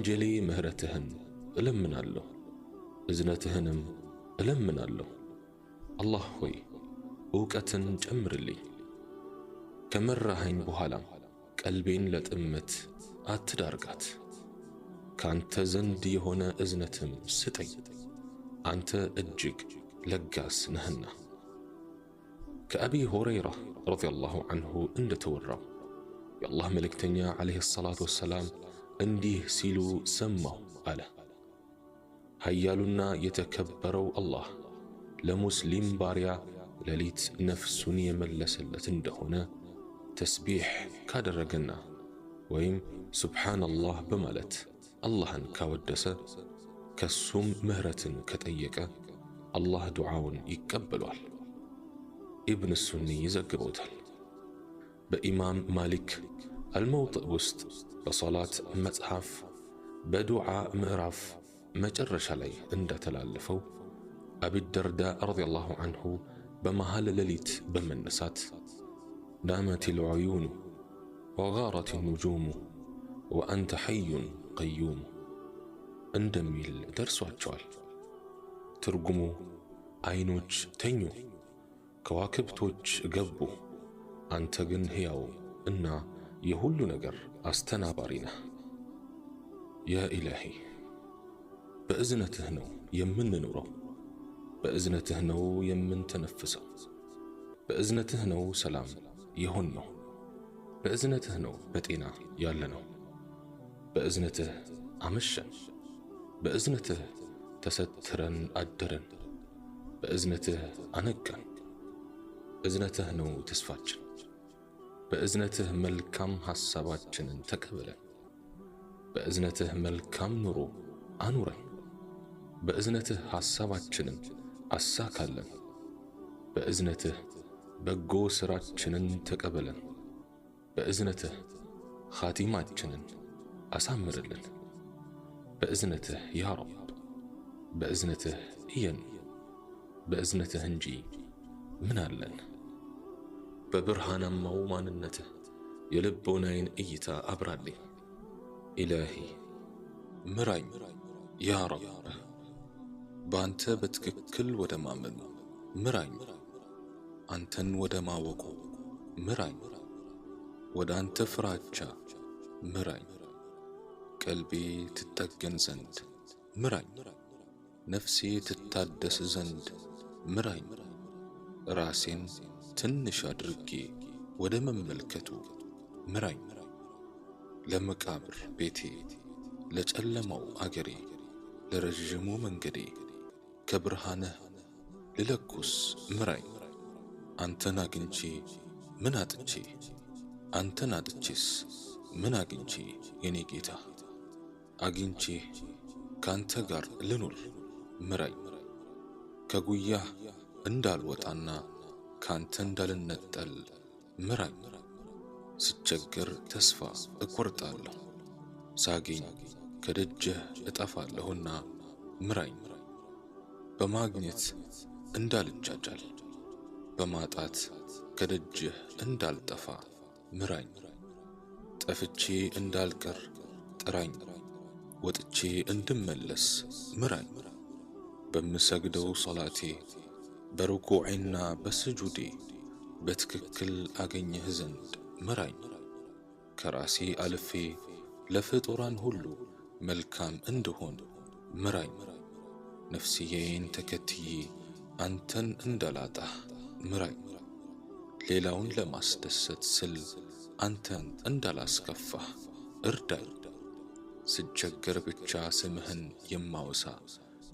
انجلي مهرتهن لمن الله ازنتهنم لمن الله الله هوي اوكتن جمر لي كمر هين بوهالا قلبين لتمت اتدارغات كانت زند هنا ازنتم ستي انت اجيك لقاس نهنا كأبي هريرة رضي الله عنه اند تورا يالله ملكتنيا عليه الصلاة والسلام እንዲህ ሲሉ ሰማሁ አለ። ኃያሉና የተከበረው አላህ ለሙስሊም ባሪያ ሌሊት ነፍሱን የመለሰለት እንደሆነ ተስቢሕ ካደረገና ወይም ሱብሓነላህ በማለት አላህን ካወደሰ ከሱም ምህረትን ከጠየቀ አላህ ዱዓውን ይቀበሏል። ኢብን ሱኒ ይዘግበውታል። በኢማም ማሊክ الموطئ وسط بصلات مصحف بدعاء مئراف مجرش علي عند تلالفو أبي الدرداء رضي الله عنه بمهال لليت بمنسات نامت العيون وغارت النجوم وأنت حي قيوم عندما الدرس أجوال ترقمو عينوش تنيو كواكب توج قبو أنت جن هياو إنّا يهول نجر استنا بارينا يا إلهي بأزنة تهنو يمن نورو بأزنة تهنو يمن تنفسو بأزنة تهنو سلام يهنو بأزنة تهنو بتينا يالنو بأزنة عمشا بأزنة تسترن أدرن بأزنة أنقا بأزنة تهنو تسفاجن በእዝነትህ መልካም ሐሳባችንን ተቀበለን። በእዝነትህ መልካም ኑሮ አኑረን። በእዝነትህ ሐሳባችንን አሳካለን። በእዝነትህ በጎ ሥራችንን ተቀበለን። በእዝነትህ ኻቲማችንን አሳምርልን። በእዝነትህ ያ ረብ፣ በእዝነትህ እየን። በእዝነትህ እንጂ ምን አለን? በብርሃናማው ማንነትህ የልቦናዬን እይታ አብራልኝ። ኢላሂ ምራኝ ያ ረብ፣ በአንተ በትክክል ወደ ማመኑ ምራኝ፣ አንተን ወደ ማወቁ ምራኝ፣ ወደ አንተ ፍራቻ ምራኝ፣ ቀልቤ ትጠገን ዘንድ ምራኝ፣ ነፍሴ ትታደስ ዘንድ ምራኝ ራሴን ትንሽ አድርጌ ወደ መመልከቱ ምራኝ። ለመቃብር ቤቴ፣ ለጨለማው አገሬ፣ ለረዥሙ መንገዴ ከብርሃንህ ልለኩስ ምራኝ። አንተን አግኝቼ ምን አጥቼ አንተን አጥቼስ ምን አግኝቼ የኔ ጌታ አግኝቼ ካንተ ጋር ልኑር ምራኝ። ከጉያህ እንዳልወጣና ካንተ እንዳልነጠል ምራኝ። ስቸገር ተስፋ እቆርጣለሁ፣ ሳገኝ ከደጅህ እጠፋለሁና ምራኝ። በማግኘት እንዳልቻጫል፣ በማጣት ከደጅህ እንዳልጠፋ ምራኝ። ጠፍቼ እንዳልቀር ጥራኝ፣ ወጥቼ እንድመለስ ምራኝ። በምሰግደው ሶላቴ በርኩዕና በስጁዴ በትክክል አገኘህ ዘንድ ምራኝ። ከራሴ አልፌ ለፍጡራን ሁሉ መልካም እንደሆን ምራኝ። ነፍስዬን ተከትዬ አንተን እንዳላጣህ ምራኝ። ሌላውን ለማስደሰት ስል አንተን እንዳላስከፋህ እርዳኝ። ስቸገር ብቻ ስምህን የማውሳ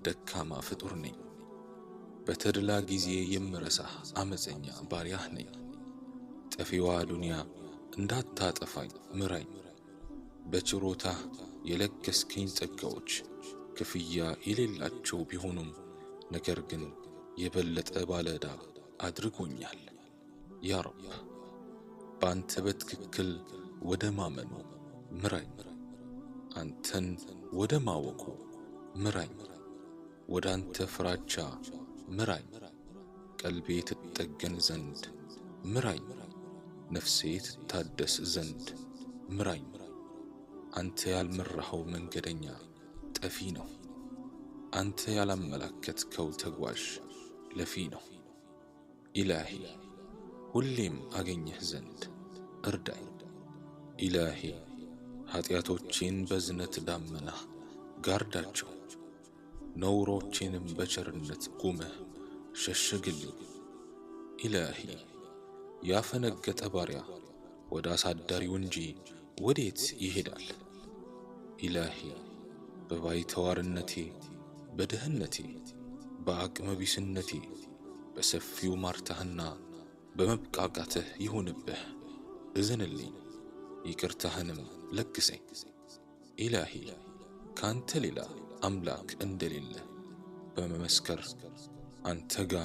ደካማ ፍጡር ነኝ። በተድላ ጊዜ የምረሳህ አመፀኛ ባሪያህ ነኝ። ጠፊዋ ዱንያ እንዳታጠፋኝ ምራኝ። በችሮታ የለገስከኝ ጸጋዎች ክፍያ የሌላቸው ቢሆኑም ነገር ግን የበለጠ ባለዕዳ አድርጎኛል። ያ ረብ በአንተ በትክክል ወደ ማመኑ ምራኝ። አንተን ወደ ማወቁ ምራኝ። ወደ አንተ ፍራቻ ምራኝ፣ ቀልቤ ትጠገን ዘንድ ምራኝ፣ ነፍሴ ትታደስ ዘንድ ምራኝ። አንተ ያልመራኸው መንገደኛ ጠፊ ነው። አንተ ያላመላከትከው ተጓዥ ለፊ ነው። ኢላሂ ሁሌም አገኘህ ዘንድ እርዳኝ። ኢላሂ ኃጢአቶቼን በዝነት ዳመና ጋርዳቸው። ነውሮቼንም በቸርነት ቁመህ ሸሽግልኝ። ኢላሂ ያፈነገጠ ባሪያ ወደ አሳዳሪው እንጂ ወዴት ይሄዳል? ኢላሂ በባይተዋርነቴ፣ በድህነቴ፣ በአቅመ ቢስነቴ በሰፊው ማርታህና በመብቃቃትህ ይሁንብህ። እዝንልኝ ይቅርታህንም ለግሰኝ። ኢላሂ ካንተ ሌላ አምላክ እንደሌለ በመመስከር አንተ ጋ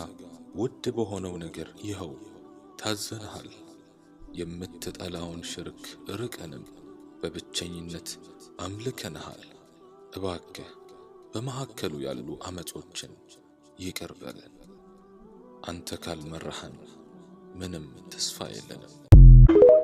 ውድ በሆነው ነገር ይኸው ታዘንሃል። የምትጠላውን ሽርክ ርቀንም በብቸኝነት አምልከንሃል። እባክህ በመካከሉ ያሉ አመጾችን ይቅር በለን። አንተ ካልመራህን ምንም ተስፋ የለንም።